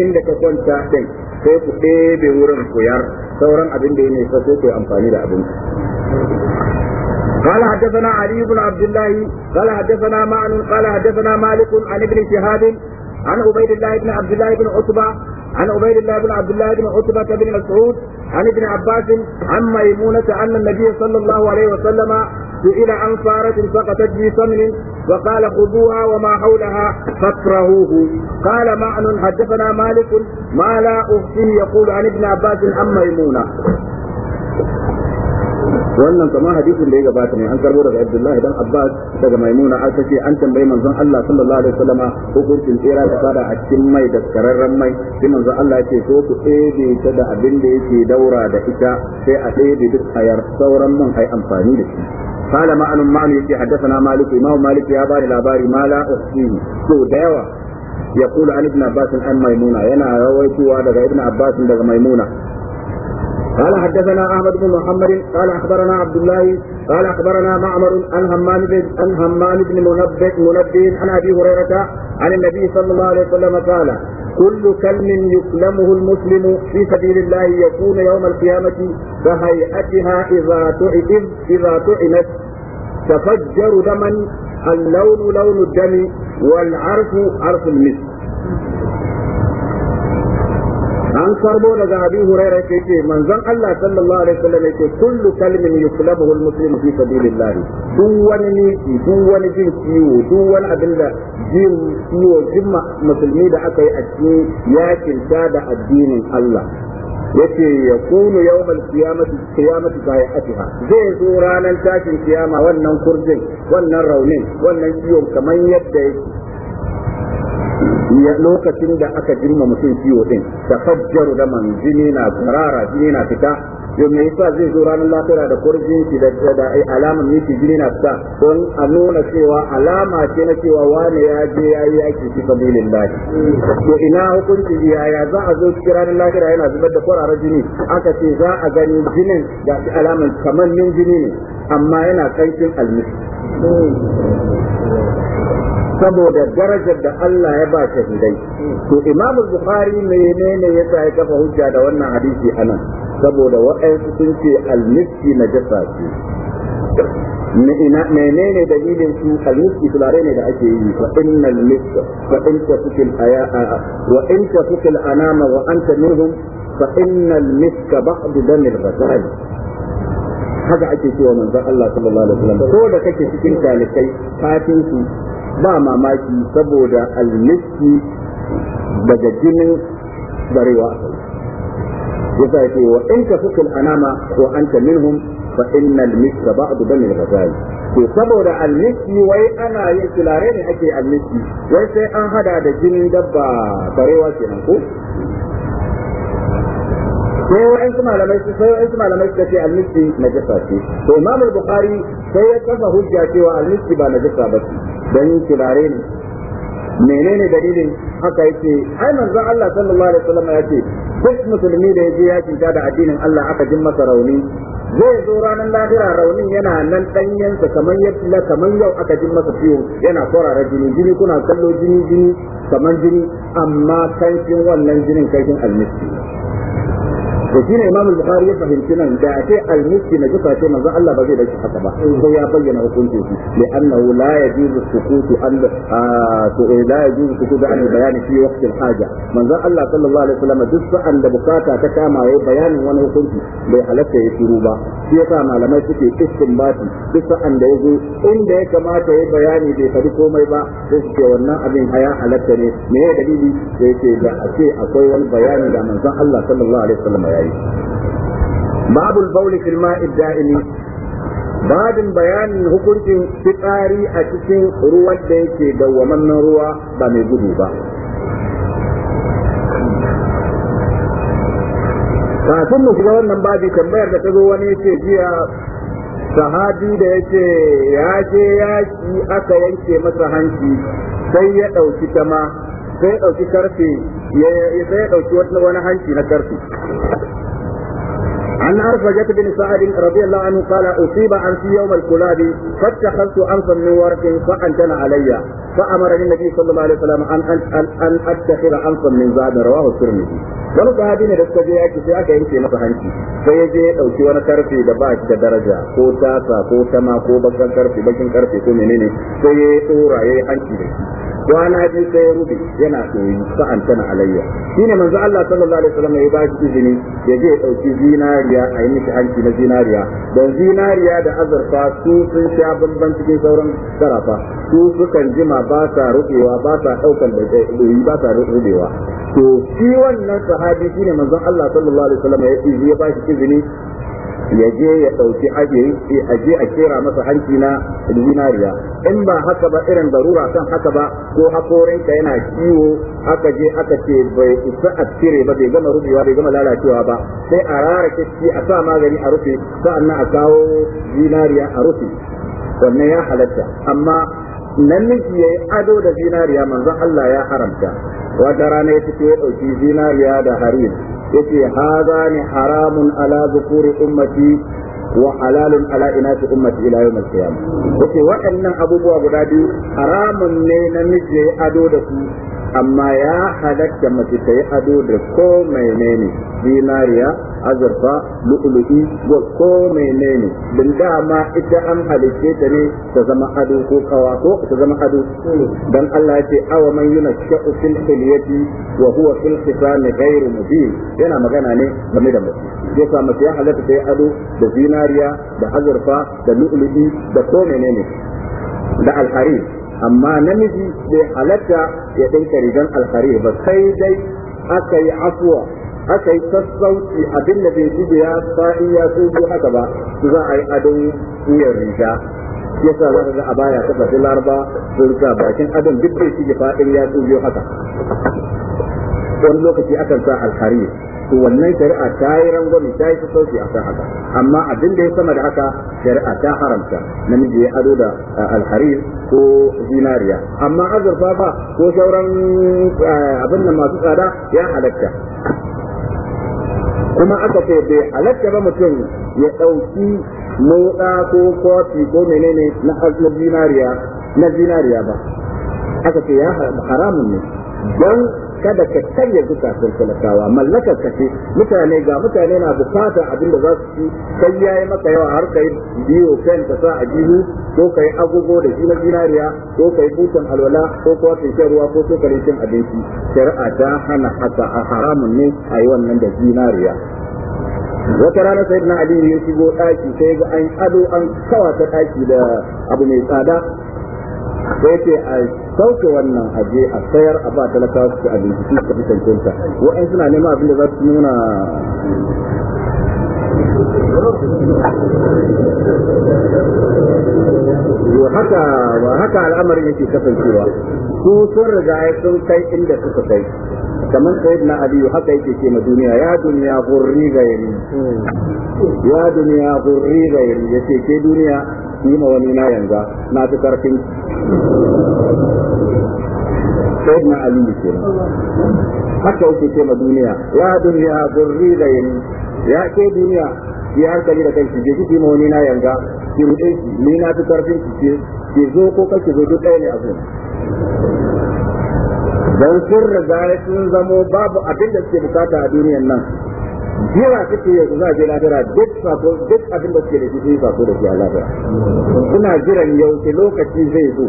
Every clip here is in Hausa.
inda ka kwanta din sai ku ɗebe wurin koyar sauran abin da ya nisa sai ku amfani da abin قال حدثنا علي بن عبد الله قال حدثنا معن قال حدثنا مالك عن ابن شهاب عن عبيد الله بن عبد الله بن عتبة عن عبيد الله بن عبد الله بن عتبة بن مسعود عن ابن عباس عن ميمونة أن النبي صلى الله عليه وسلم سئل عن فارة سقطت في سمن وقال خذوها وما حولها فاكرهوه قال معن حدثنا مالك ما لا أخفيه يقول عن ابن عباس عن ميمونة wannan kama hadisin da ya gabata ne an karbo daga Abdullahi dan Abbas daga Maimuna an sace an tambayi manzon Allah sallallahu alaihi wasallama hukuncin tsira da fada a cikin mai da kararren mai sai manzon Allah yake so ku ɗebe ta da abin da yake daura da ita sai a ɗebe duk hayar sauran mun ai amfani da shi قال ما أن معنى حدثنا مالك إمام مالك يا باري لا ما لا أحصيه سو داوى يقول عن ابن عباس عن ميمونة ينا رويت هذا ابن عباس عن ميمونة قال حدثنا احمد بن محمد قال اخبرنا عبد الله قال اخبرنا معمر عن همام بن عن همام بن منبه منبه عن ابي هريره عن النبي صلى الله عليه وسلم قال كل كلم يكلمه المسلم في سبيل الله يكون يوم القيامه كهيئتها اذا تعب اذا طعنت تفجر دما اللون لون الدم والعرف عرف المسك an karbo daga abi hurairah yake ce manzon Allah sallallahu alaihi wasallam yake kullu kalmin yuklabuhu almuslim fi sabilillah duk wani niki duk wani jin ciwo duk wani abin da jin ciwo jin musulmi da aka yi a cikin yakin da addinin Allah yace yakunu yawmal qiyamati qiyamati bai'atiha zai zo ranar tashin kiyama wannan kurjin wannan raunin wannan ciwon kamar yadda yake lokacin da aka jirma mutum ciwo din da fajjaru da man jini na garara jini na fita yau mai yasa zai zo ranar lafiya da kurjin shi da eh, alamar miki jini na fita don a nuna cewa alama ce na cewa wane ya je ya yi aiki fi sabilin lafi to ina hukunci ya za a zo cikin ranar lafiya yana zubar da kwararar jini aka ce za a gani jinin da alamar kamannin jini ne amma yana kankin almisi saboda darajar da Allah ya ba shahidai to imamu bukhari menene ya sa ya kafa hujja da wannan hadisi anan saboda waɗansu sun ce almiski na jasa ce menene dalilin su almiski turare ne da ake yi fa innal miska fa in tafukil aya wa in tafukil anama wa anta minhum fa innal miska ba'd damil ghazal haka ake cewa manzon Allah sallallahu alaihi wasallam ko da kake cikin talikai fatin su ba mamaki saboda almiski daga jinin barewa a sauki sa wa in ka fukul anama ko anta minhum fa innal miska ba'du bani da ghazali Ke saboda almiski wai ana yin tulare ne ake almiski wai sai an hada da jinin dabba barewa kenan ko sai wa'in su malamai su sai wa'in su malamai suka ce najasa ce to imam bukhari sai ya kafa hujja cewa almisti ba najasa ba ce dan kirare ne menene dalilin haka yace ai manzon Allah sallallahu alaihi wasallam ya ce duk musulmi da yaje yaki da addinin Allah aka jin masa rauni zai zo ranar lahira raunin yana nan ɗanyensa kamar yadda kamar yau aka jin masa ciwo yana kwarara jini jini kuna kallo jini jini kamar jini amma kaifin wannan jinin kaifin almisti to shine Imam Bukhari ya fahimci nan da ce al-miski na kusa ce manzo Allah ba zai dace haka ba ko ya bayyana hukuncin shi li'annahu la yajuzu sukutu an ah, to eh, la yajuzu sukutu an bayani fi waqt al-haja manzo Allah sallallahu alaihi wasallam duk sa'an da bukata ta kama yayi bayanin wani hukunci bai halatta ya shiru ba shi yasa malamai suke istinbati duk sa'an da yazo inda ya kamata yayi bayani bai faɗi komai ba sai suke wannan abin haya halatta ne me ya dalili sai ce da a ce akwai wani bayani da manzon Allah sallallahu alaihi wasallam ya yi. yayi babul bauli fil ma'i da'imi babin bayanin hukuncin fitsari a cikin ruwan da yake dawwamammen ruwa ba mai gudu ba kafin mu shiga wannan babi tambayar da ta zo wani yace jiya sahabi da yace ya je yaki aka yanke masa hanci sai ya ɗauki tama sai ya ɗauki karfe sai ya ɗauki wani hanci na karfe عن عرفجة بن سعد رضي الله عنه قال أصيب أنفي يوم الكلاب فاتخذت أنفا من ورق فأنتن علي فأمرني النبي صلى الله عليه وسلم أن أن أن, أن أتخذ أنفا من ذهب رواه الترمذي wani sahabi ne da suka je yaki sai aka yanke masa hanci sai ya je ya dauki wani karfe da ba shi da daraja ko tasa ko tama ko bakin karfe bakin karfe ko menene sai ya tsora ya yi hanci da shi kwana biyu sai ya rufe yana soyi sa'an tana alayya shine manzo Allah sallallahu alaihi wasallam ya ba shi izini ya je ya dauki zinariya zinariya a yi miki hanki na zinariya don zinariya da azurfa su sun sha bamban cikin sauran karafa su sukan jima ba sa rufewa ba sa daukan da ɗoyi eh, ba sa rufewa to shi wannan sahabi ne manzon Allah sallallahu alaihi wasallam ya ba shi izini ya je ya ɗauki a je a kera masa hanci na zinariya in ba haka ba irin darura kan haka ba ko hakorinka yana ciwo aka je aka ce bai isa a cire ba bai gama rubewa bai gama lalacewa ba sai a rara kiski a sa magani a rufe sa'annan a kawo zinariya a rufe wannan ya halatta amma namiji ya yi ado da zinariya manzon Allah ya haramta wata rana ya fito ya ɗauki zinariya da harin yake haza ne haramun ala zukuri ummati wa halalun ala inati ummati ila yawm al-qiyamah yace waɗannan abubuwa guda biyu haramun ne na ya ado da su amma ya halatta mace ta ado da ko menene dinariya azurfa lu'lu'i wa ko menene din ma ita an halice ta ne ta zama ado ko kawa ko ta zama ado dan Allah yace awa man yuna sha'u fil hilyati wa huwa fil khisami ghairu mubin yana magana ne game da mace ya sa mace ya halatta ta yi ado da zinariya da azurfa da lu'lu'i da ko menene da alharir amma namiji bai halatta ya dinka rigan alhari ba sai dai aka yi afuwa aka yi sassauci abin da bai jibe ya sa'i ya tsogo haka ba za a yi adon wuyar riga yasa za ga a baya ta tafi laraba su sa bakin adon duk bai shige fa'in ya tsogo haka wani lokaci akan sa alharir to wannan shari'a ta yi rangwame ta yi sauki a haka amma abin da ya sama da haka shari'a ta haramta namiji ya ado da alharir ko zinariya amma azurfa ba ko sauran abin da masu tsada ya halatta kuma aka ce bai halatta ba mutum ya ɗauki motsa ko kofi ko menene na zinariya na zinariya ba aka ce ya haramun ne don kada ka karya zukatun talakawa mallakar ka ce mutane ga mutane na bukata abinda da za su ci kai yi maka yawa har ka yi biyo kan ka sa a jihu ko kai agogo da jina zinariya ko kai kusan alwala ko kuwa kai ruwa ko kai cin abinci shari'a ta hana haka a haramun ne a yi wannan da zinariya wata rana sai na aliyu ya shigo ɗaki sai ga an ado an kawata ɗaki da abu mai tsada sai ce a sauke wannan haje a sayar a ba talakawa su abinci su ka fi cancanta wa'in suna neman abin da za su nuna wa haka al'amarin yake kasancewa su sun riga sun kai inda suka kai kamar sayyidina aliyu haka yake ce duniya ya duniya gurri ga ya duniya gurri ga ya yace ke duniya yi ma wani na yanzu na fi karfin sayyidina aliyu ce haka yake ce duniya ya duniya gurri ga ya ke duniya ki hankali da kanki ke kiki ma wani na yanzu ki ruɗe ki ni na fi karfin ki ki zo ko kake zo duk ɗaya ne abu don sun riga sun zamo babu abin da suke bukata a duniyan nan jira suke yau za a je lafiya duk sako duk abin da suke da shi sai sako da shi a lafiya. suna jiran yau ke lokaci zai zo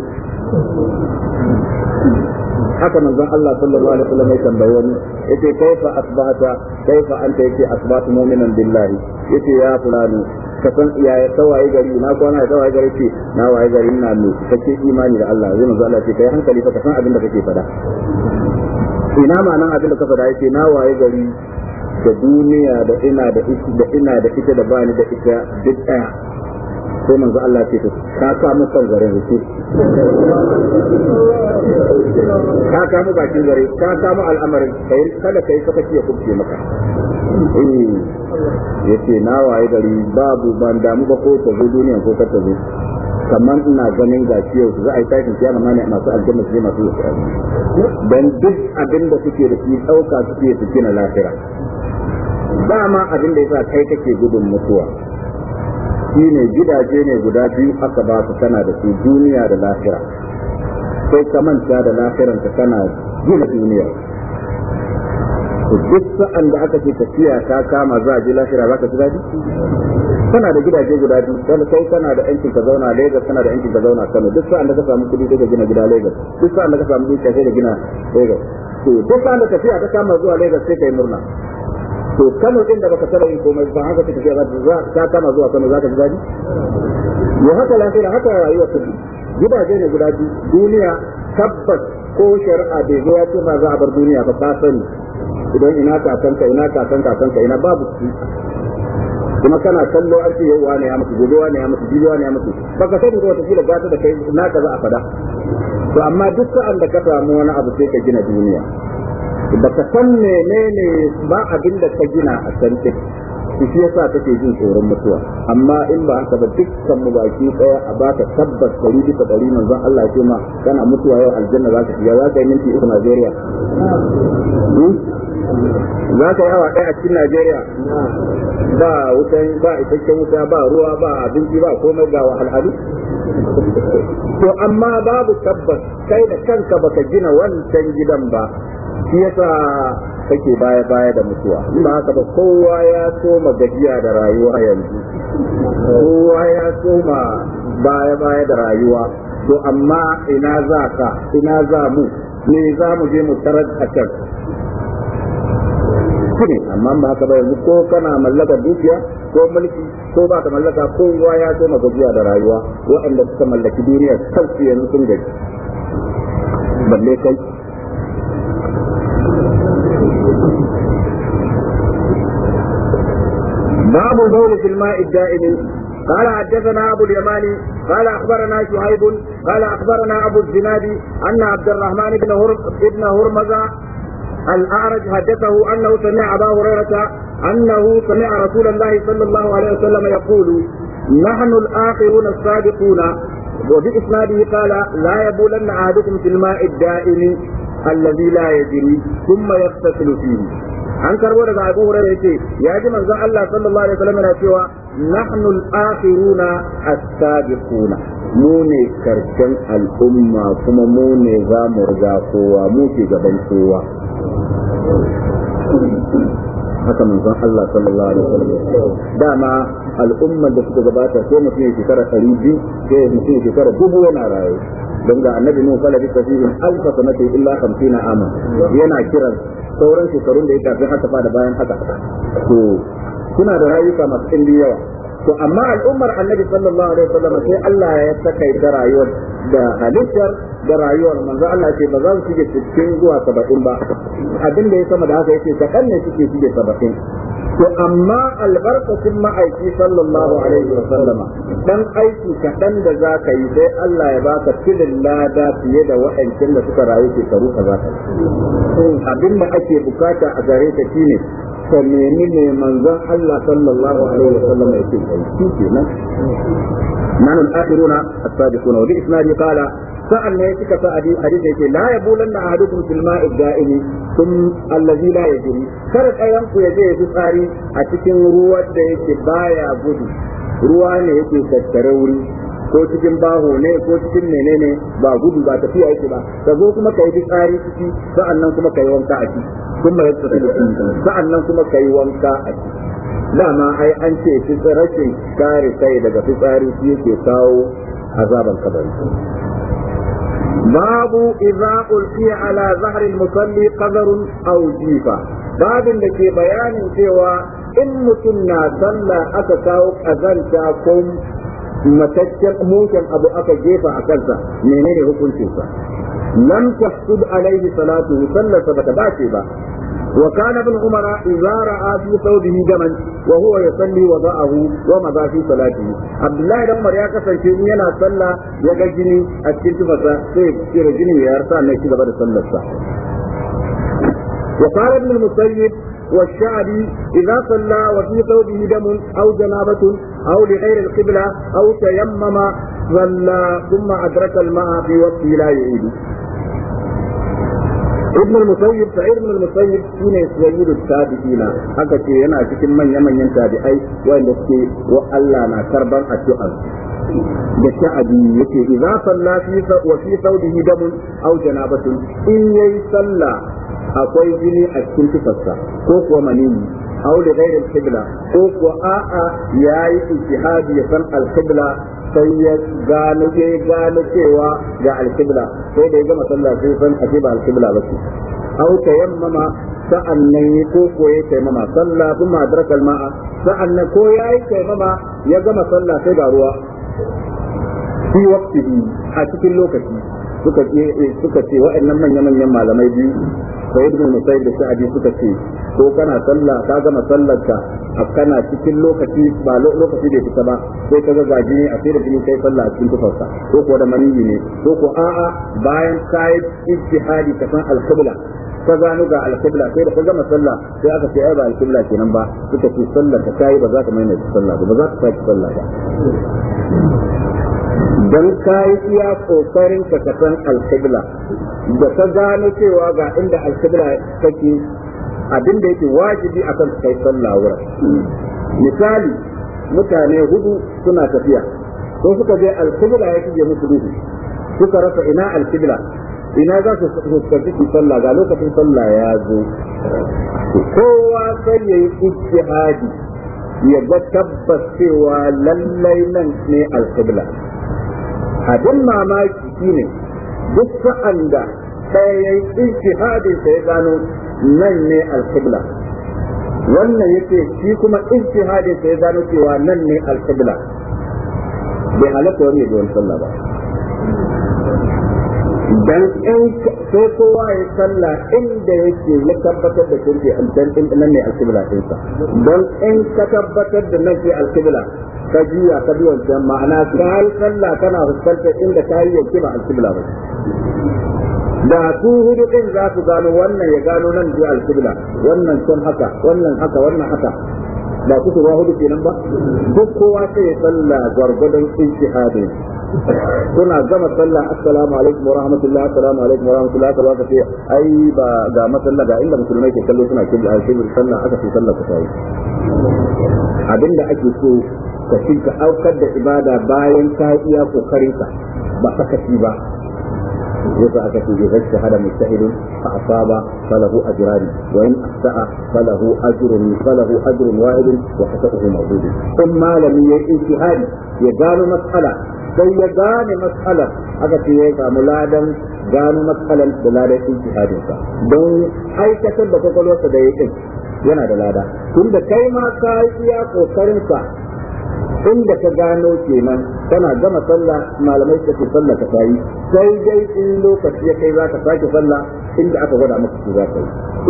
haka zan Allah sallallahu alaihi wasallam ya tambaye wani yace kaifa asbahata kaifa anta yace asbahtu mu'minan billahi yace ya fulani ka san ya tawaye gari na kwana ya tawaye gari ce na waye gari na mai kake imani da Allah zai manzo Allah ce kai hankali fa ka san abin da kake fada ina ma nan abin da ka fada yace na waye gari da duniya da ina da ita da ina da ita da bani da ita duk ɗaya sai manzo Allah ce to ka ka mu san gare ruku ka ka mu bakin gare ka ka mu al'amarin kai kada kai ka kace kubce maka eh yace na waye gari babu ban damu ba ko ta zo duniya ko ka ta zo kamar ina ganin ga yau za a yi tashin kiyama na ne masu aljanna su masu yi yusrani dan duk abin da suke da shi dauka suke su gina lafira ba ma abin da sa kai kake gudun mutuwa ne gidaje ne guda biyu aka ba su tana da su duniya da lafira sai ka manta da lafiran ka tana gina duniya duk sa'an da aka ce tafiya ta kama za a ji lafira za ka ji daɗi Tana da gidaje guda biyu wanda sai tana da yankin ka zauna Lagos tana da yankin ka zauna Kano duk sa'an da ka samu kuɗi sai ka gina gida Lagos duk sa'an da ka samu dukiya sai ka gina Lagos to duk sa'an da tafiya ta kama zuwa Lagos sai kai murna to kano din da baka taba yin komai ba haka take za ka kama zuwa kano za ka ji Ya haka lafiya haka rayuwa kudi gidaje ne guda biyu duniya tabbas ko shari'a bai zo ya ce ma za a bar duniya ba ba sani idan ina ka ina kakanka ka ina babu kuma kana kallo an yau wani ya mutu gobe wani ya mutu jibi wani ya mutu baka sani ko wataƙila da gata da kai na ka za a fada to amma duk sa'an da ka samu wani abu sai ka gina duniya baka san menene ba abin da ka gina a can shi yasa take jin tsoron mutuwa amma in ba haka ba dukkan mu baki daya a baka tabbas dari bisa dari manzon Allah ya ce ma kana mutuwa yau aljanna za ka fiya, za ka yi minti uku Najeriya hmm? za ka yi awa daya a cikin Najeriya ba wutan ba isasshen wuta ba ruwa ba abinci ba komai ga al'adu. to amma babu tabbas kai da kanka baka gina wancan gidan ba shi yasa kake baya baya da mutuwa in haka ba kowa ya soma gajiya da rayuwa yanzu kowa ya soma baya baya da rayuwa to amma ina za ka ina za mu ne za mu je mu tarar a can ne amma ba haka ba yanzu ko kana mallaka dukiya ko mulki ko ba ka mallaka kowa ya soma gajiya da rayuwa waɗanda suka mallaki duniya kansu yanzu sun gaji balle kai باب البول في الماء الدائم قال حدثنا ابو اليماني قال اخبرنا شعيب قال اخبرنا ابو الزناد ان عبد الرحمن بن هرم بن هرمز الاعرج حدثه انه سمع ابا هريره انه سمع رسول الله صلى الله عليه وسلم يقول نحن الاخرون السابقون وبإسناده قال لا يبولن أحدكم في الماء الدائم الذي لا يجري ثم يغتسل فيه an karbo daga Abu Hurairah yace ya ji manzon Allah sallallahu alaihi wasallam yana cewa nahnu al-akhiruna as-sabiquna mu ne karshen al'umma kuma mu ne za mu riga kowa mu ke gaban kowa haka manzon Allah sallallahu alaihi wasallam dama al'ummar da suka gabata ko mutum ya shekara 200 ko mutum ya shekara dubu yana raye don ga annabi nuhu kala bi tafsirin alfa sanati illa 50 ama yana kiran sauran shekarun da ya tafi haka fa da bayan haka to kuna da rayuka masu indiyawa yawa to amma al'ummar annabi sallallahu alaihi wasallam sai Allah ya takaita rayuwar da halittar da rayuwar manzo Allah ce ba za su shige cikin zuwa saba'in ba abin da ya sama da haka yake da kanne suke shige saba'in to amma albarkacin ma'aiki sallallahu alaihi wa sallama dan aiki kaɗan da za ka yi sai Allah ya baka filin lada fiye da wa'ancan da suka rayu shekaru ka za ka abin da ake bukata a gare ka shine ka nemi ne manzon Allah sallallahu alaihi wa sallama ya ce shi kenan nan al-akhiruna as-sadiquna wa bi isnadi qala sa'an ne suka sa hadisi yake la bulan na ahadukum fil ma'i da'imi kun allazi la yajri kar kayan ku yaje ya tsari a cikin ruwan da yake baya gudu ruwa ne yake tattare wuri ko cikin baho ne ko cikin menene ba gudu ba tafiya yake ba ka zo kuma kai fitsari ciki sa'annan kuma kai wanka a ciki kuma ya tsare sa'annan kuma kai wanka a ciki dama ai an ce fitsarashin kare sai daga fitsari shi yake kawo azaban kabari باب إذا ألقي على ظهر da ke أو cewa in mutum na sallah aka متنا a أتكاو أذنتاكم mataccen mokin abu aka jefa a kansa menene hukuncinsa lam tahsud alaihi salatu sallarsa bata bace ba وكان ابن عمر إذا رأى في ثوبه دما وهو يصلي وضعه ومضى في صلاته عبد الله بن عمر يا كسر شيء ينا صلى يجا جني أكلت فتا سير جني يا رسال نكتب بعد صلى وقال ابن المسيب والشعبي إذا صلى وفي ثوبه دم أو جنابة أو لغير القبلة أو تيمم صلى ثم أدرك الماء في وقته لا يعيد ibn al-musayyib sa'id ibn al-musayyib shine sayyidu tabi'ina haka ce yana cikin manya manyan tabi'ai wanda suke wa Allah na karban addu'a da sha'abi yake idza salla fi wa fi saudihi damun aw janabatun in yayi sallah akwai jini a cikin tufarsa ko kuwa manini aw li ghairi ko ko a'a yayi ijtihadi ya san al-qibla sai ya gano ya cewa ga al-qibla sai da ya gama sallah sai san ake ba al-qibla ba aw tayammama ko ko ya tayammama sallah kuma adraka al-ma'a sa'annan ko yayi tayammama ya gama sallah sai ga ruwa fi waqtihi a cikin lokaci suka ce suka ce waɗannan manya-manyan malamai biyu sayyid bin musayyib da sa'adi suka ce ko kana sallah ka gama sallar ka kana cikin lokaci ba lokaci bai fita ba sai ka ga jini a sai da jini kai sallah a cikin tufarsa ko ko da maniyi ne ko ko a'a bayan kai ijtihadi ka san al-qibla ka gano ga al-qibla sai da ka gama sallah sai aka ce ai ba al-qibla kenan ba suka ce sallar ka kai ba za ka maimaita sallah ba ba za ka saki sallah ba don ka yi iya kokarin ka san alkibla da ka gano cewa ga inda alkibla kake abin da yake wajibi akan kai sallah wurin misali mutane hudu suna tafiya ko suka je alkibla ya kije musu duhu suka rasa ina alkibla ina za su fuskanci su sallah ga lokacin sallah ya zo kowa sai ya yi ijtihadi ya ga tabbas cewa lallai nan ne alkibla abin mamaki shine duk sa'an da ɗaya ya yi ijtihadin sa ya gano nan ne alqibla wannan yake shi kuma ijtihadin sa ya gano cewa nan ne alqibla bai halatta wani ya ji wani sallah ba dan in sai kowa ya inda yake ya tabbatar da kirki dan din nan ne alkibla din sa dan in ka tabbatar da nan ke alkibla ka jiya ka bi wancan ma'ana ka salla kana fuskantar inda ka yi yanki ba alkibla ba da su hudu din za ku gano wannan ya gano nan zuwa alkibla wannan can haka wannan haka wannan haka ba kusurwa hudu kenan ba duk kowa sai ya sallah gwargwadon ijtihadin suna gama sallah assalamu alaikum wa rahmatullah assalamu alaikum wa rahmatullah ka ce ai ba ga masalla ga inda musulmai ke kallo suna kibla a mu. sallah aka ce sallah ka tayi abinda ake so ka ka aukar da ibada bayan ta iya kokarin ka ba sakaci ba yasa aka ce idan shahada mujtahidun fa asaba falahu ajran wa in asaa falahu ajrun falahu ajrun wahid wa hasabuhu mawdud kun malami ya ijtihadi ya gano mas'ala sai ya gane mas'ala aka ce ya samu ladan gano mas'alan da ladan ijtihadin sa don aikatar da kwakwalwarsa da yake yana da lada tunda kai ma ka yi iya kokarin sa tun da ka gano kenan tana gama sallah malamai suka ce sallah ka tayi sai dai in lokaci ya kai zaka sake sallah inda aka gwada maka su ka yi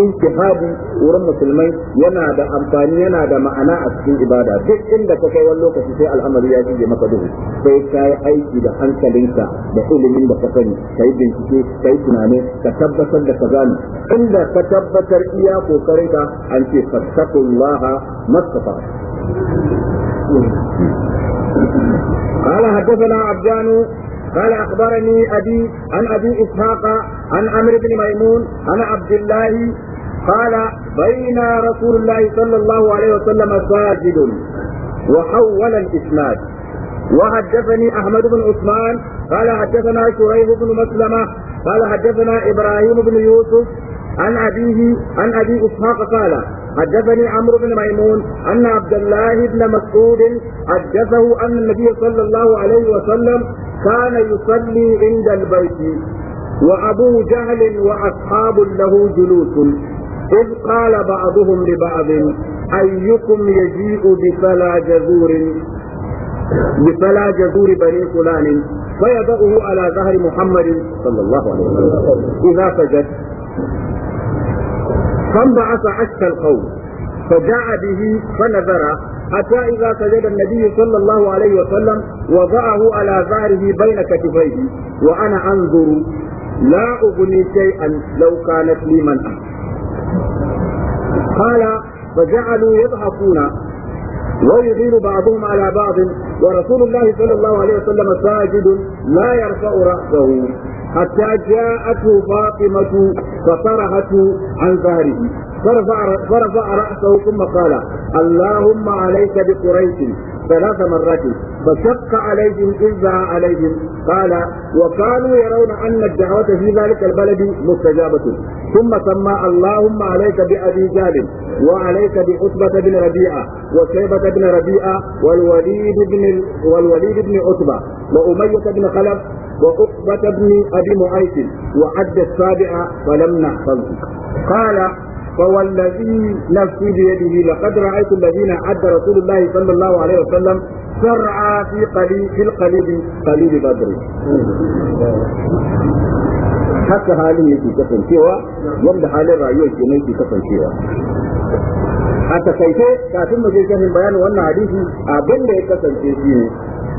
ijtihadi wurin musulmai yana da amfani yana da ma'ana a cikin ibada duk inda ka kai wani lokaci sai al'amari ya shige maka duhu sai yi aiki da hankalinka da ilimin da ka sani kai bincike yi tunani ka tabbatar da kaza ne inda ka tabbatar iya kokarinka an ce fattakullaha mastafa قال حدثنا عبدان قال اخبرني ابي عن ابي اسحاق عن عمرو بن ميمون عن عبد الله قال بين رسول الله صلى الله عليه وسلم ساجد وحول الاسناد وحدثني احمد بن عثمان قال حدثنا شريح بن مسلمه قال حدثنا ابراهيم بن يوسف عن ابيه عن ابي اسحاق قال حدثني عمرو بن ميمون أن عبد الله بن مسعود حدثه أن النبي صلى الله عليه وسلم كان يصلي عند البيت وأبو جهل وأصحاب له جلوس إذ قال بعضهم لبعض أيكم يجيء بفلا جذور بفلا جذور بني فلان فيضعه على ظهر محمد صلى الله عليه وسلم إذا سجد فانبعث عكس القوم فدعا به فنذر حتى إذا سجد النبي صلى الله عليه وسلم وضعه على ظهره بين كتفيه وأنا أنظر لا أغني شيئا لو كانت لي منأة قال فجعلوا يضحكون ويغير بعضهم على بعض ورسول الله صلى الله عليه وسلم ساجد لا يرفع رأسه حتى جاءته فاطمة فطرحته عن ظهره فرفع, فرفع رأسه ثم قال اللهم عليك بقريش ثلاث مرات فشق عليهم إذ عليهم قال وكانوا يرون أن الدعوة في ذلك البلد مستجابة ثم سمى اللهم عليك بأبي جهل وعليك بعتبة بن ربيعة وشيبة بن ربيعة والوليد بن والوليد بن عتبة وأمية بن خلف وعقبة بن أبي معيط وعد السابعة فلم نحفظه قال فوالذي نفسي بيده لقد رأيت الذين عد رسول الله صلى الله عليه وسلم سرعى في قليل في القليل قليل بدر haka halin yake kasancewa wanda halin rayuwar ke kasancewa a takaice kafin mu je bayanin wannan hadisi abin da ya kasance shi ne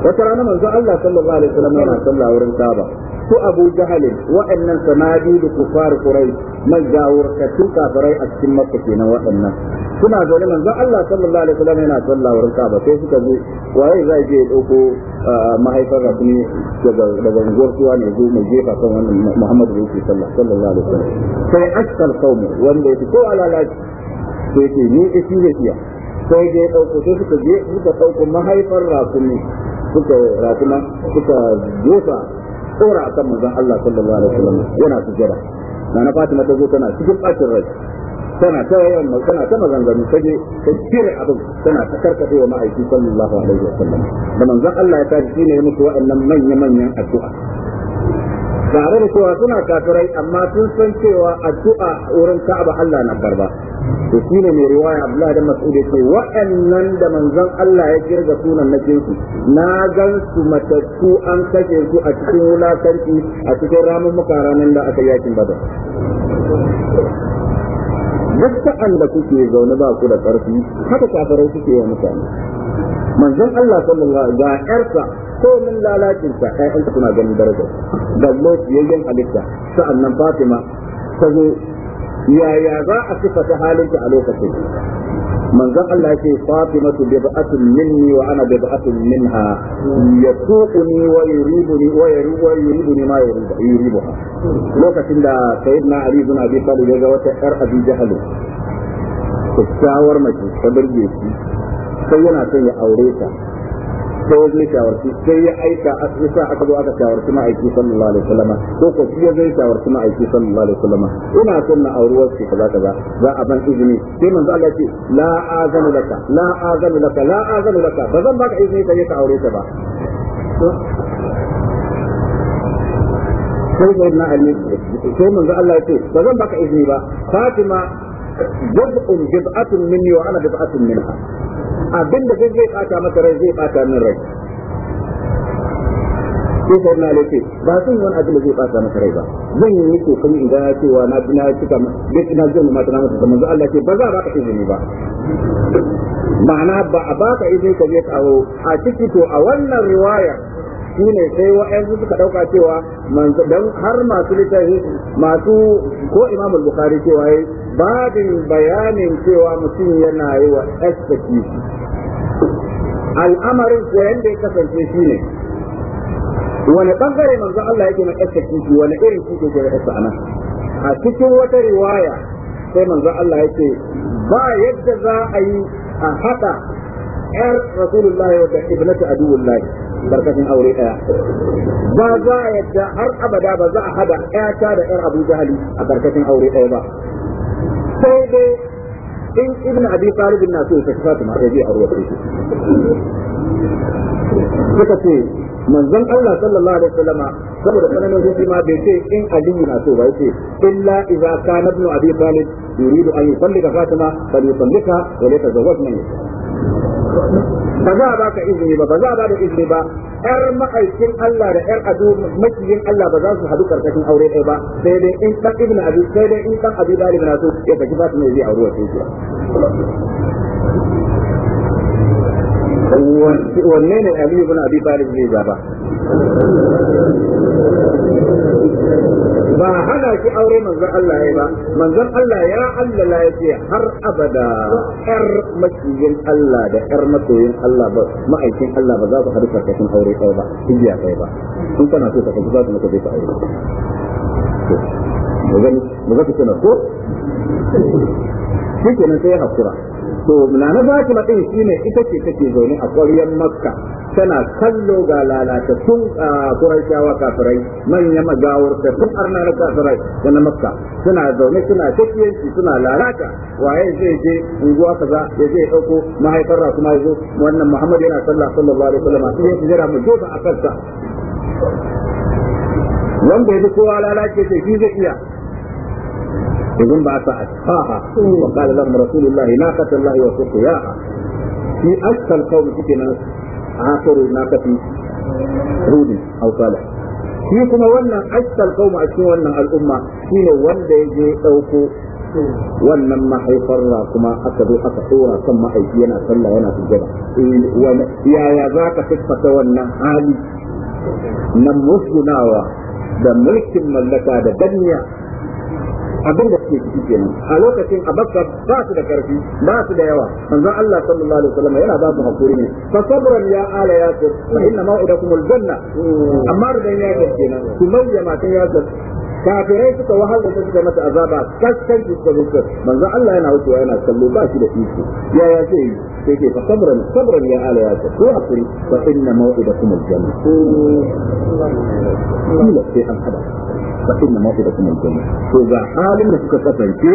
wata rana manzon Allah sallallahu alaihi wasallam yana sallah wurin Kaaba su Abu Jahal wa'annan samadi da kufar Quraysh mazawur ka tuka farai a cikin Makka kenan waɗannan suna zaune manzon Allah sallallahu alaihi wasallam yana sallah wurin Kaaba sai suka zo waye zai je dauko mahaifar rabbi daga daga gurtuwa ne zo mai jefa kan wannan Muhammadu yake sallah sallallahu alaihi wasallam sai askal qaumi wanda yake ko alalaji sai ce ni isi ne sai je dauko sai suka je suka dauko mahaifar rakumi suka ratuna suka jefa tsora akan manzon Allah sallallahu alaihi wasallam yana sujada na Fatima ta zo tana cikin bacin rai tana ta yawan tana ta maganganu ta je ta cire abin tana ta karkace wa ma'aiki sallallahu alaihi wasallam da manzon Allah ya tashi shine ya mutu wa'annan manya manyan addu'a tare da cewa suna kafirai amma sun san cewa addu'a wurin Ka'aba Allah na karba to ne mai riwaya Abdullah da Mas'ud yace waɗannan da manzon Allah ya kirga sunan na su na gan su matattu an kashe su a cikin wulakanci a cikin ramin ranar da aka yakin Badar duk sa'an da kuke zaune ba ku da ƙarfi haka kafirai suke wa mutane manzon Allah sallallahu alaihi wa sallam ga komin lalacin sa ƴaƴan suna ganin daraja da lafiyayyen halitta sa'annan Fatima ta zo yaya za a sifata halinta a lokacin manzon Allah yake Fatimatu bid'atun minni wa ana bid'atun minha yatuquni wa yuriduni wa yuriduni ma yuribuha lokacin da sayyidina Ali ibn Abi Talib ya ga wata yar Abi Jahl kyakkyawar mace ta burge shi sai yana son ya aure ta sai ya shawarci sai ya aika yasa aka zo aka shawarci ma'aiki sallallahu alaihi wasallam ko ko shi ya zai shawarci ma'aiki sallallahu alaihi wasallam ina son na auri wasu kaza kaza za a ban izini sai manzo Allah ce la azanu laka la azanu laka la azanu laka ba zan baka izini ka je ka aure ta ba sai sai na ali sai manzo Allah ya ce ba zan baka izini ba Fatima jab'un jab'atun minni wa ana jab'atun minha abin da zai bata maka rai zai bata min rai sai sai na ce ba sun yi wani abin da zai bata maka rai ba zan yi kokari in ga cewa na na cika duk na jin mata na masa manzo Allah ce ba za ba ka izini ba ma'ana ba a baka izini ka je kawo a ciki to a wannan riwaya shine sai wa'ansu suka dauka cewa manzo dan har masu littafi masu ko imamul Bukhari cewa babin bayanin cewa mutum yana yi wa tsaki al'amarin ko yadda ya kasance shi ne wani bangare manzo Allah yake na tsaki wani irin shi ke da tsaka nan a cikin wata riwaya sai manzo Allah yake ba yadda za a yi a hada yar rasulullahi wa ibnatu aduwullahi barkatun aure ɗaya? ba za a yadda har abada ba za a hada ƴata da ƴar Abu Jahali a barkatun aure ɗaya ba sai dai in ibn abi talib na so ta kafa ma sai a ruwa suka ce manzon Allah sallallahu alaihi wasallama saboda tsananin hukunci ma bai ce in aliyu na so ba yace illa idza kana ibn abi talib yuridu an yusallika fatima falyusallika wa la tazawwaj min ba za a ba ka izini ba ba za a ba bada izini ba yar ma'aikin Allah da yar adu makiyin Allah ba za su hadu karkashin aure ɗaya ba sai dai in dan ibnu abi sai dai in dan abi dalib na so ya saki fatima zai aure wa sai wanne ne ali ibn abi talib zai zaba ba hana ki aure manzon Allah ya ba manzon Allah ya Allah ya ce har abada yar makiyin Allah da yar masoyin Allah ba ma'aikin Allah ba za ku haɗu karkashin aure kai ba hijiya ɗaya ba in kana so ka kaji za ku maka zai ka aure mu ga ku na ko shi kenan sai ya hakura to na na ba ki matsayin shine ita ce take zaune a ƙwaryar makka tana kallo ga lalata tun lalatattun kurashawa kafirai manyan magawar da tun arna na kafirai da na makka suna zaune suna tafiyanci suna lalata waye zai je unguwa kaza ya je dauko mahaifar rasu kuma yazo wannan muhammad yana sallah sallallahu alaihi wasallam sai ya jira mu jefa a kansa wanda ya kowa lalace sai shi zai iya idan ba ta asfaha wa qala lahum rasulullahi naqata allahi wa suqiyaha fi ashqal qawmi kitanan akhiru naqati rudi aw salih shi kuma wannan ashtal qauma a cikin wannan al'umma shine wanda ya je dauko wannan mahaifar ra kuma aka zo aka tsora kan mahaifi yana sallah yana sujjada yaya za ka siffata wannan hali na musgunawa da mulkin mallaka da danniya abin da suke ciki kenan a lokacin a bakka ba su da karfi ba su da yawa manzon Allah sallallahu alaihi wasallam yana ba su hakuri ne fa sabran ya ala yasir fa inna mau'idakum aljanna amma da ya ga kenan sumayya matan yasir kafirai suka wahal da suka mata azaba kaskan suka zuka manzo Allah yana wucewa yana kallo ba shi da iko ya ya ce sai ke fa sabran sabran ya ala ya ta ko hakuri fa inna mau'idakum aljanna ko sai an hada fa inna ma ta kuma janna to ga halin da suka kasance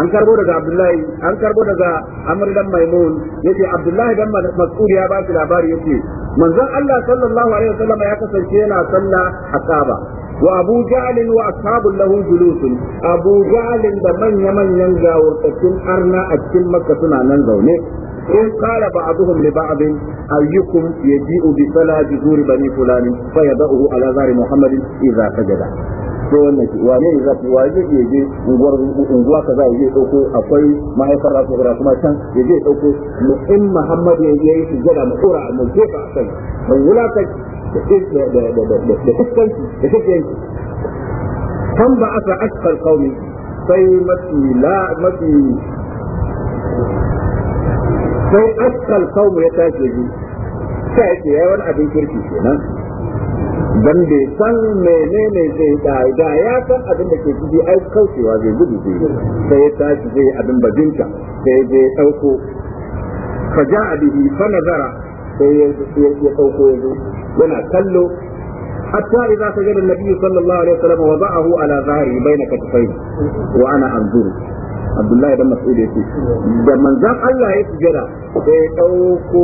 an karbo daga abdullahi an karbo daga amr dan maimun yace abdullahi dan mas'ud ya ba shi labari yace manzon Allah sallallahu alaihi wasallam ya kasance yana salla kaba. wa abu ja'al wa ashabu lahu julusun abu ja'al da manya manyan gawurtakin arna a cikin makka suna nan zaune إن قال بعضهم لبعض أيكم يجيء بصلاة جذور بني فلان فيضعه على ظهر محمد إذا سجد wane ne zai wa zai iya je unguwar unguwa ka za je ɗauko akwai mahaifar rasu da kuma can ya je ɗauko. mu in Muhammad ya yi sujada mu a mu jefa kai. ban wulaka da da da da kan ba aka sai mafi la mafi sai askal kawo ya tashi ji sai ke yawan abin kirki kenan dan bai san menene zai da da ya san abin da ke ciki ai kaucewa zai gudu zai sai ya tashi zai abin bajinta sai je dauko faja'a bihi fa nazara sai ya ya dauko yazo yana kallo حتى إذا سجد النبي sallallahu alaihi wasallam wada'ahu ala على ظهره بين wa ana anzuru abdullahi da masu mas'ud ce da manzan Allah ya sujada da ya ɗauko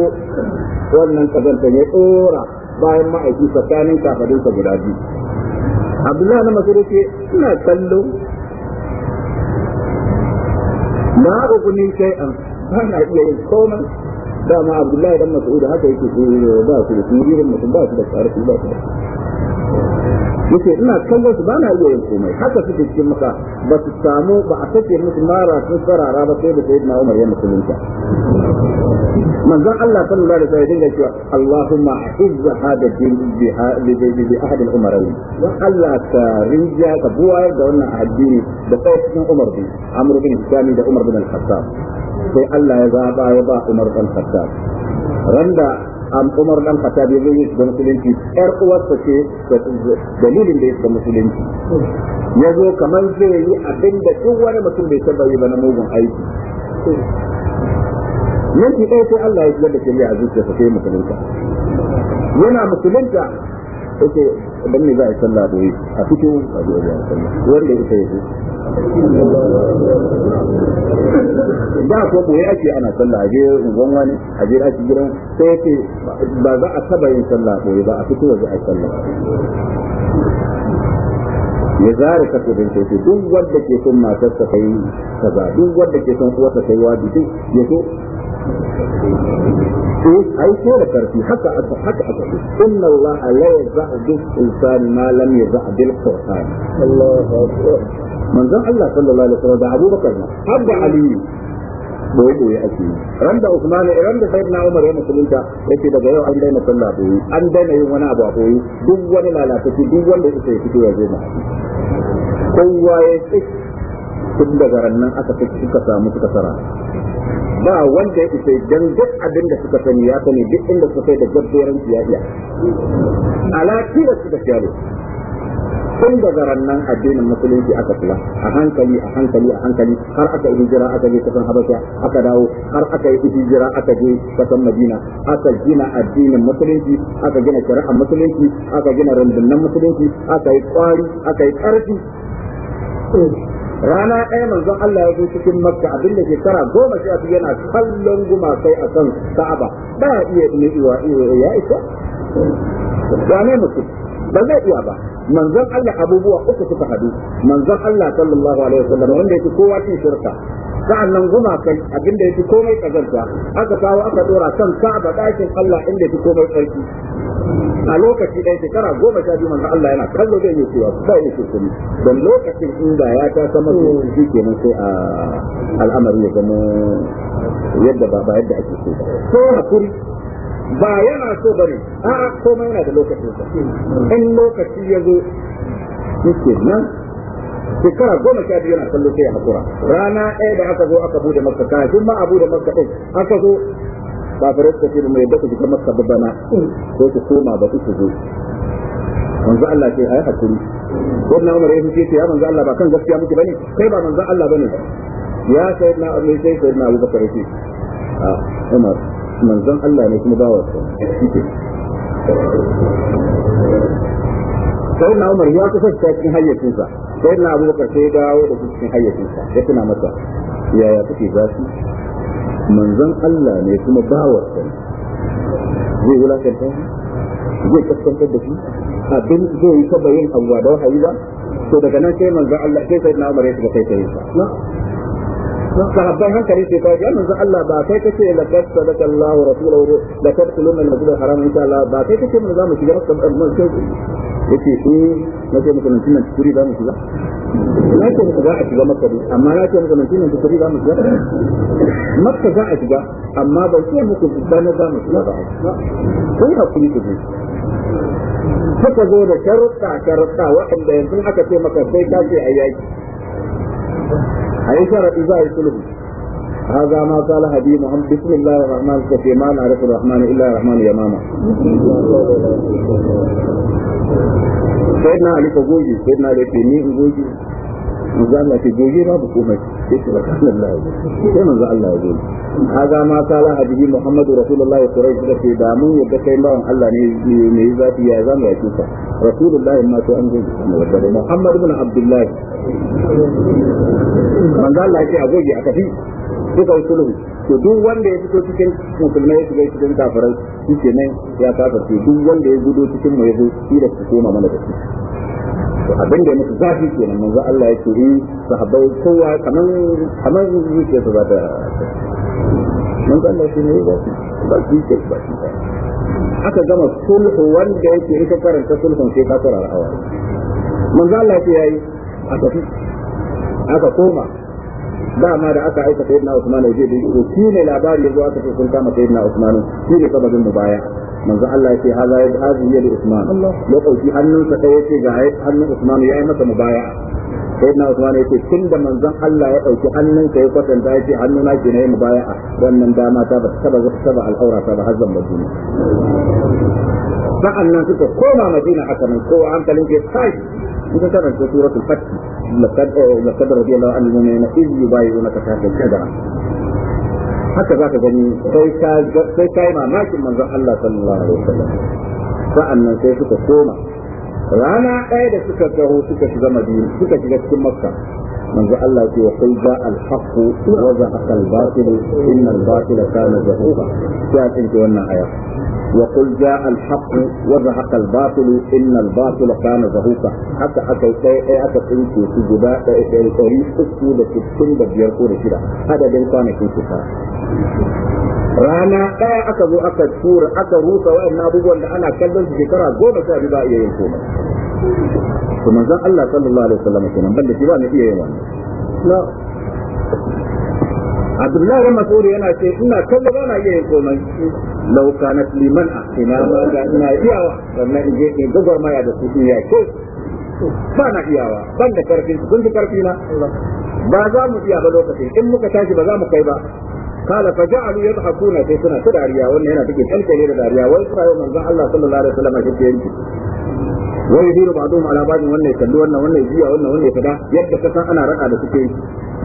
wannan kazanta ya tsora bayan ma'aiki tsakanin kafadinsa guda biyu abdullahi dan mas'ud yake ina kallo na uguni shay'an ba na iya yin komai dama abdullahi dan mas'ud haka yake eh, ba su da tiririn mutum ba su da tsarafi ba su da yake ina kallon su bana iya yin komai haka suke cikin maka ba su samu ba a sake musu mara su sarara ba sai da sayyidina Umar ya musulunta manzon Allah sallallahu alaihi wasallam ya cewa Allahumma izz hada din bi bi bi ahad al-umarawi wa Allah ka rinja ka buwayar da wannan addini da sai cikin Umar bin Amr bin Sami da Umar bin Al-Khattab sai Allah ya zaba ya ba Umar bin Al-Khattab randa am Umar dan Khattab ya yi da musulunci yar uwarsa ce dalilin da yake musulunci ya zo kamar zai yi abinda duk wani mutum bai san yi ba na mugun aiki yanki ɗaya sai Allah ya da shari'a a zuciyarsa sai musulunta yana musulunta yake dan ne za a sallah boye a fito a zo da sallah wanda yake yi ba ko boye ake ana sallah je ungon wani je ake gidan sai ce ba za a taba yin sallah boye ba a fito waje a sallah ya zare ka kudin teku duk wanda ke son matarsa ta yi kaza duk wanda ke son uwarsa ta yi wajibi ya so eh ai da karfi haka aka haka aka inna allaha la boye boye ake ran da Usman ran da Sayyidina Umar ya musulunta yace daga yau an daina sallah boye an daina yin wani abu a boye duk wani duk wanda ya fito ya kowa ya tsik tun daga rannan aka suka samu suka sara ba wanda ya isa dan duk abin da suka sani ya sani duk inda suka sai da gabberan ya iya alaki da suka share tun daga nan addinin musulunci aka kula a hankali a hankali a hankali har aka yi hijira aka je kasan habasha aka dawo har aka yi hijira aka je kasan madina aka gina addinin musulunci aka gina shari'ar musulunci aka gina rundunar musulunci aka yi kwari aka yi karfi rana ɗaya manzon Allah ya zo cikin makka abin da shekara goma sha biyu yana kallon gumakai a kan ka'aba ba iya iya iya ya wane mutum ba zai iya ba manzon Allah abubuwa uku suka hadu manzon Allah sallallahu alaihi wasallam wanda yake kowa cin shirka sa'annan gumakan abinda yake komai kazanta aka kawo aka dora kan Ka'aba dakin Allah inda yake komai tsarki a lokaci ɗaya shekara goma sha biyu manzo Allah yana kallo zai yi cewa ba ya ce kuma don lokacin inda ya ta sama da shi kenan sai a al'amari ya zama yadda ba ba yadda ake so ko hakuri ba yana so bane a a'a komai yana da lokacin sa in lokaci ya zo yake nan shekara goma sha biyu yana kallo sai ya hakura rana ɗaya da aka zo aka bude maka kafin ma a bude maka ɗin aka zo ba kafirai suka shi mai daga jikin maka babbana ko ku koma ba ku zo manzo Allah sai ayi hakuri wannan Umar ya ce ya manzo Allah ba kan gaskiya muke bane kai ba manzo Allah bane ya sayyidina Abu sai Sayyidina Abu Bakar ce ah, Umar manzon Allah ne kuma bawa sa sai na Umar ya kusa ta cikin hayyacinsa sai na Abu Bakar sai ga dawo da cikin hayyacinsa ya tuna masa yaya kuke za su manzon Allah ne kuma bawa ta zai wulakanta zai kaskantar da shi abin zai yi taba yin abuwa da wahayi ba to daga nan sai manzon Allah sai sai na Umar ya shiga sai sai sa sahabban hankali sai kawai ya manzo Allah ba kai kace laqad sadaka Allah wa rasuluhu laqad tuluna al-masjid haram insha Allah ba kai kace mun za mu shiga masjid mun kai yace eh na ce muku nan tunan turi za shiga na ce muku za a shiga makka amma na ce muku nan tunan turi za shiga makka za a shiga amma ban ce muku ba na shiga ba kai hakuri ku suka zo da sharuɗa sharuɗa waɗanda yanzu aka ce maka sai ka ce a yaki عائشة رضي الله عنها هذا ما قال هدي محمد بسم الله الرحمن الرحيم ما نعرف الرحمن الا الرحمن يا ماما سيدنا علي فوجي سيدنا علي فيني فوجي وزان لك فوجي ما بكون بسم الله كما قال هذا ما قال هدي محمد رسول الله صلى الله عليه وسلم دامون يبقى كيما الله ني ني ذات rasulullahi ma to an zo Muhammad ibn to duk wanda ya fito cikin musulmai ya shiga cikin kafirai shi ke nan ya kafirce duk wanda ya gudo cikin mu ya zo shi da su koma mana da shi to abin da ya mutu zafi manzo Allah ya ce eh sahabbai kowa kaman kaman za ta manzo Allah shi ne ya eh, ba shi ba shi ba shi aka gama sulhu wanda yake ita karanta sulhun sai ka tsara hawa manzo Allah ya yayi aka aka koma dama da aka aika sayyidina Usman ya je da shi ne labari ya zo aka ce sun kama sayyidina Usman shi ne sababin mu baya manzo Allah yace haza ya hazi ya Usman ya dauki hannunsa sai yace ga hannun Usman ya yi masa mubaya sai na Usman ya ce tun da manzon Allah ya ɗauki hannunka ya kwatanta ya ce hannuna ke na yin baya'a wannan dama ta ba taba taba al'aura ta ba hazzan madina sa'an nan suka koma madina haka nan kowa hankalin ke sai suka karanta suratul fath laqad laqad radiyallahu anil mu'minina iz yubayyi'unaka tahta al-shajara haka zaka gani sai ka sai kai mamakin manzon Allah sallallahu alaihi wasallam sa'an nan sai suka koma rana ɗaya da suka taho suka shiga madina suka shiga cikin makka manzo Allah ce wa qul al haqq wa za al batil inna al batila kana zahuqa ya tsinke wannan aya wa qul al haqq wa za al batil inna al batila kana zahuqa haka aka yi ɗaya aka su guda ɗaya ɗaya ɗari uku da sittin da biyar ko da shida adadin kwanakin su rana ɗaya aka zo aka tura aka rusa wa'annan abubuwan da ana kallon su shekara goma sha biyu ba iya yin komai to manzon Allah sallallahu alaihi wasallam kenan banda shi ba ne iya yin wannan Abdullahi bin Mas'ud yana ce ina kallo ba na iya yin komai law kanat liman ina ma ga ina iyawa wannan je ne gwagwarmaya da su iya ke ba na iyawa ban da karfin kun ji karfi na ba za mu iya ba lokacin in muka tashi ba za mu kai ba قال فجعلوا يضحكون في سنة داريا وانا هنا تجي تلك da dariya. Wai داريا ويقرأ من الله صلى الله عليه وسلم شكي wai yadiru ba zuwa ala bajin wannan kalli wannan wannan jiya wannan wannan kada yadda ka san ana raka da suke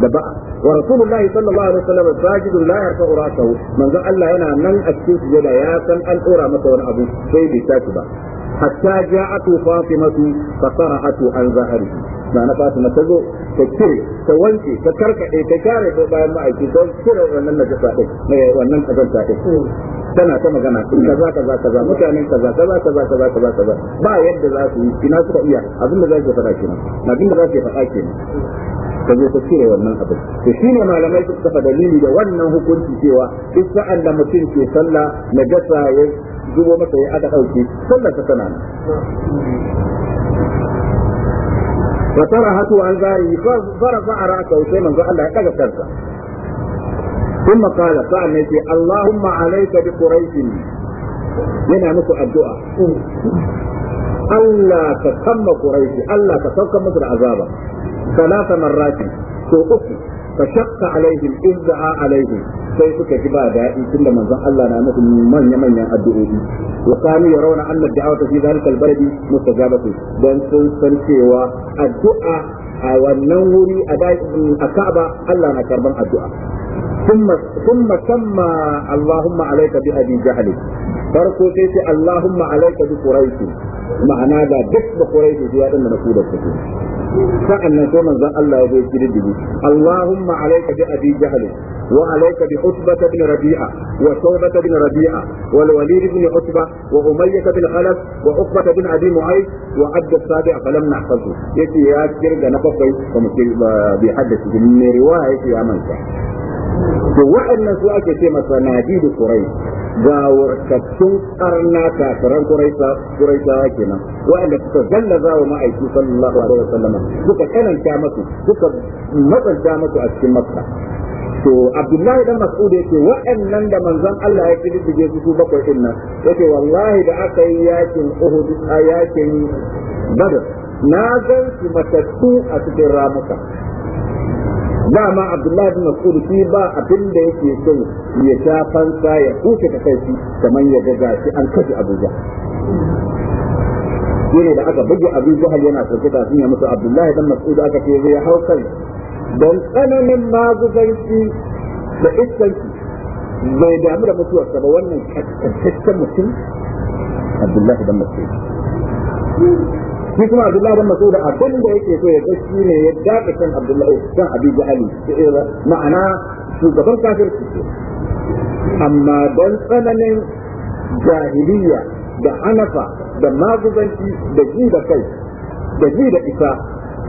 da ba wa rasulullahi sallallahu alaihi wasallam sajidun la yarfa'u ra'sahu manzo Allah yana nan a cikin sujada ya san an dora masa wani abu sai bai tashi ba hatta ja'atu fatimatu fa sarahatu an zahari. na na fatima ta zo ta cire ta wanke ta karkade ta kare ta bayan ma'aiki ta cire wannan najasa din wannan kazanta din tana ta magana kaza kaza kaza mutanen kaza kaza kaza kaza kaza kaza ba yadda za su yi ina suka iya abin da za su faɗa kenan abin da za su faɗa kenan ta zo ta cire wannan abin to shine malamai suka kafa dalili da wannan hukunci cewa duk sa'an da mutum ke sallah najasa ya zubo masa ya aka ɗauke sallar ta tana wa tarahatu an zari farafa ra'sa sai manzo Allah ya daga kansa ثم قال قال نتي اللهم عليك بقريش yana muku addu'a Allah ka kamma Quraishi Allah ka sauka musu da azaba salasa marrati to uku fashaqqa alaihim izza'a alaihim sai suka ji ba daɗi tunda manzon Allah na musu manya manyan addu'o'i wa kanu yarawna anna da'awata fi dhalika al-baladi mustajabatu dan sun san cewa addu'a a wannan wuri a Ka'aba Allah na karban addu'a ثم ثم سمى اللهم bi بأبي جهل farko sai sai Allahumma alaika bi quraishi ma'ana da duk da quraishi ya dan na da su sa'annan sai manzon Allah ya zai kididdige Allahumma alaika bi abi jahl wa alaika bi utbah ibn rabi'a wa sawbah ibn rabi'a wal walid ibn utbah wa umayyah ibn khalaf wa uqbah ibn abi mu'ayth wa abd as-sabi' falam nahfazu yace ya kirga na bakwai ba mu bai haddace jinin mai riwaya yake ya manta to waɗannan su ake ce masa nadidu kurai ga warkattun karna kafiran kuraisa kuraisawa kenan waɗanda suka gallaza wa ma'aiki sallallahu alaihi wa sallama suka kananta masu suka matsanta masu a cikin makka to abdullahi dan mas'ud yake waɗannan da manzon Allah ya kididdige su bakwai din nan yake wallahi da aka yi yakin uhud yakin badr na gan shi matattu a cikin ramuka ma abdullahi bin mas'ud shi ba abin da yake son ya sha fansa ya kuke ta kai kamar ya ga shi an kaji abuja shine da aka buge abu jahal yana sauke da sun ya musu abdullahi dan mas'ud aka ce zai hau kai dan tsananin maguzanci da iskanci bai damu da mutuwarsa ba wannan kakkakken mutum abdullahi dan mas'ud shi kuma abdullahi bin mas'ud abin da yake so ya ga ne ya daka kan abdullahi kan abi jahali ma'ana shugaban kafirci amma don tsananin jahiliya da anafa da maguzanci da ji da kai da ji da isa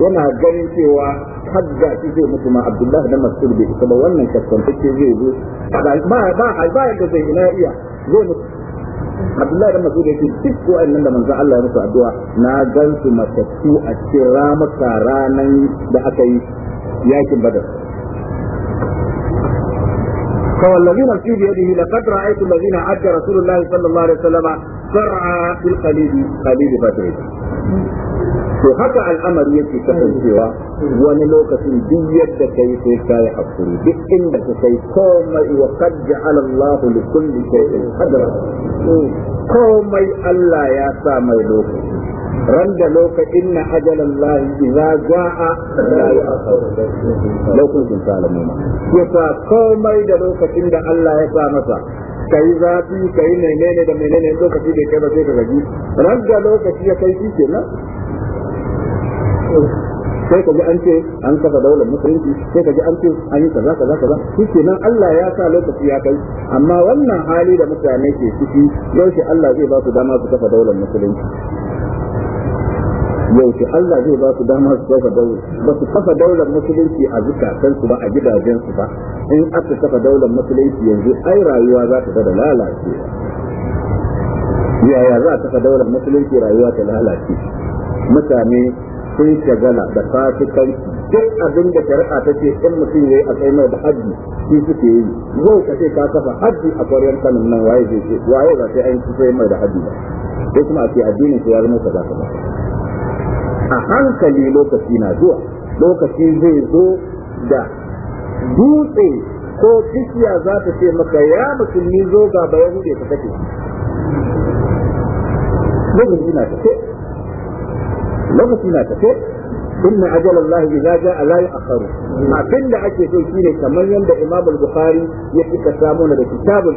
yana ganin cewa hadda shi zai mutu ma Abdullahi da Mas'ud bai Kuma ba wannan kaskantacce zai zo ba ba ba da zai ina iya zai mutu abdullahi dan da yake duk ko nan da manzo Allah ya musu addu'a na gansu matattu a cikin ramuka ranan da aka yi yakin badar فوالذي نفسي بيده لقد رايت الذين عد رسول الله صلى الله عليه وسلم سرعى في القليل قليل بدر to haka al'amari yake kasancewa wani lokacin duk yadda kai sai kai hakuri duk inda ka kai komai wa qad ja'ala Allah li kulli shay'in qadra komai Allah ya sa mai lokaci ran da lokacin na ajalan Allah idza ja'a la ya'khur lokacin salamuna yasa komai da lokacin da Allah ya sa masa kai zafi kai menene da menene lokaci da kai ba sai ka gaji ran da lokaci ya kai shi kenan sai ka ji an ce an kafa daular musulunci sai ka ji an ce an yi kaza kaza kaza shi nan Allah ya sa lokaci ya kai amma wannan hali da mutane ke ciki yaushe Allah zai ba su dama su kafa daular musulunci yaushe Allah zai ba su dama su kafa daular ba su kafa daular musulunci a zukatan su ba a gidajen su ba in aka kafa daular musulunci yanzu ai rayuwa za ta da ya yaya za ta kafa daular musulunci rayuwa ta lalace mutane sun shagala da fasikan duk abin da shari'a ta ce in mutum yi a kai mai da haji shi suke yi zai ka ce ka kafa haji a kwaryan kanin nan waye zai ce waye ba sai an sai mai da haji ba sai kuma a ce addinin su ya zama kaza kaza a hankali lokaci na zuwa lokaci zai zo da dutse ko kishiya za ta ce maka ya ni zo ga bayan hude ka kake. Lokacin na ta ce lokaci na tafe inna ajal Allah idza jaa la ya'khuru abinda ake so shine kamar yadda Imam al-Bukhari ya kika samu daga kitabul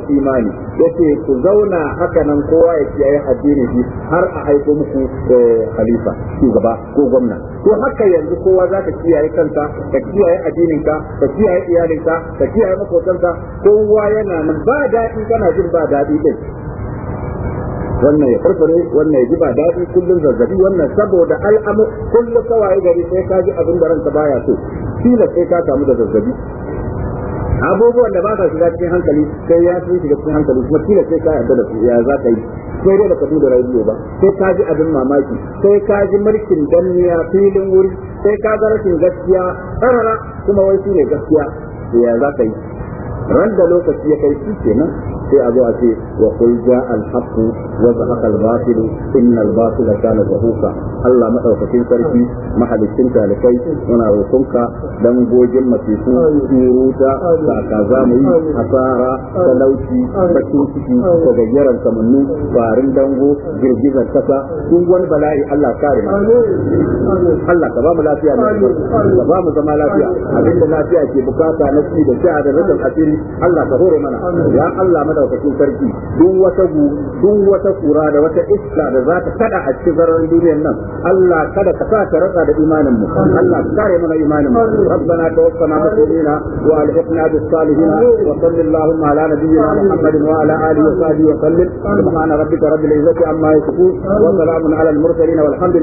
Ya ce ku zauna hakanan kowa ya kiyaye addini shi har a aiko muku eh, khalifa shugaba ko gwamna ko haka yanzu kowa za zaka kiyaye kanka ka kiyaye addinin ka ka kiyaye iyalinka ka kiyaye makotanka kowa yana nan ba daɗi kana jin ba daɗi din wannan ya farfare wannan ya ji ba daɗi kullum zazzabi wannan saboda al'amu kullum kawai gari sai ka ji abin da ranka baya so kila sai ka samu da zazzabi abubuwan da ba ka shiga cikin hankali sai ya sun shiga cikin hankali kuma kila sai ka yarda da su ya za ka yi sai dai baka duba rayuwa ba sai ka ji abin mamaki sai ka ji mulkin danniya filin wuri sai ka ga rashin gaskiya tsarara kuma wai shi ne gaskiya ya za ka yi ran da lokaci ya kai shi kenan sai a zo a ce wa qul jaa al haqq wa zahaqa al batil inna al batila kana zahuqa Allah madaukakin sarki mahalicin talikai muna roƙonka dan gogin masifu ruta da kaza mu yi asara talauci bakin ciki da gayyaran kamannu farin dango girgizar kasa duk wani bala'i Allah kare mu Allah ka ba mu lafiya ne ka ba mu zama lafiya abinda lafiya ke bukata na ci da sha da rubin asiri Allah ka hore mana ya Allah madaukakin sarki duk wata duk wata kura da wata iska da za ta kada a cikin zararin duniyar nan Allah kada ka sa ta rasa da imanin mu Allah ka kare mana imanin mu rabbana tawaffana muslimina wa alhiqna bis salihin wa sallallahu ala nabiyyina muhammad wa ala alihi wa sahbihi wa sallim subhana rabbika rabbil izzati amma yasifun wa salamun ala al mursalin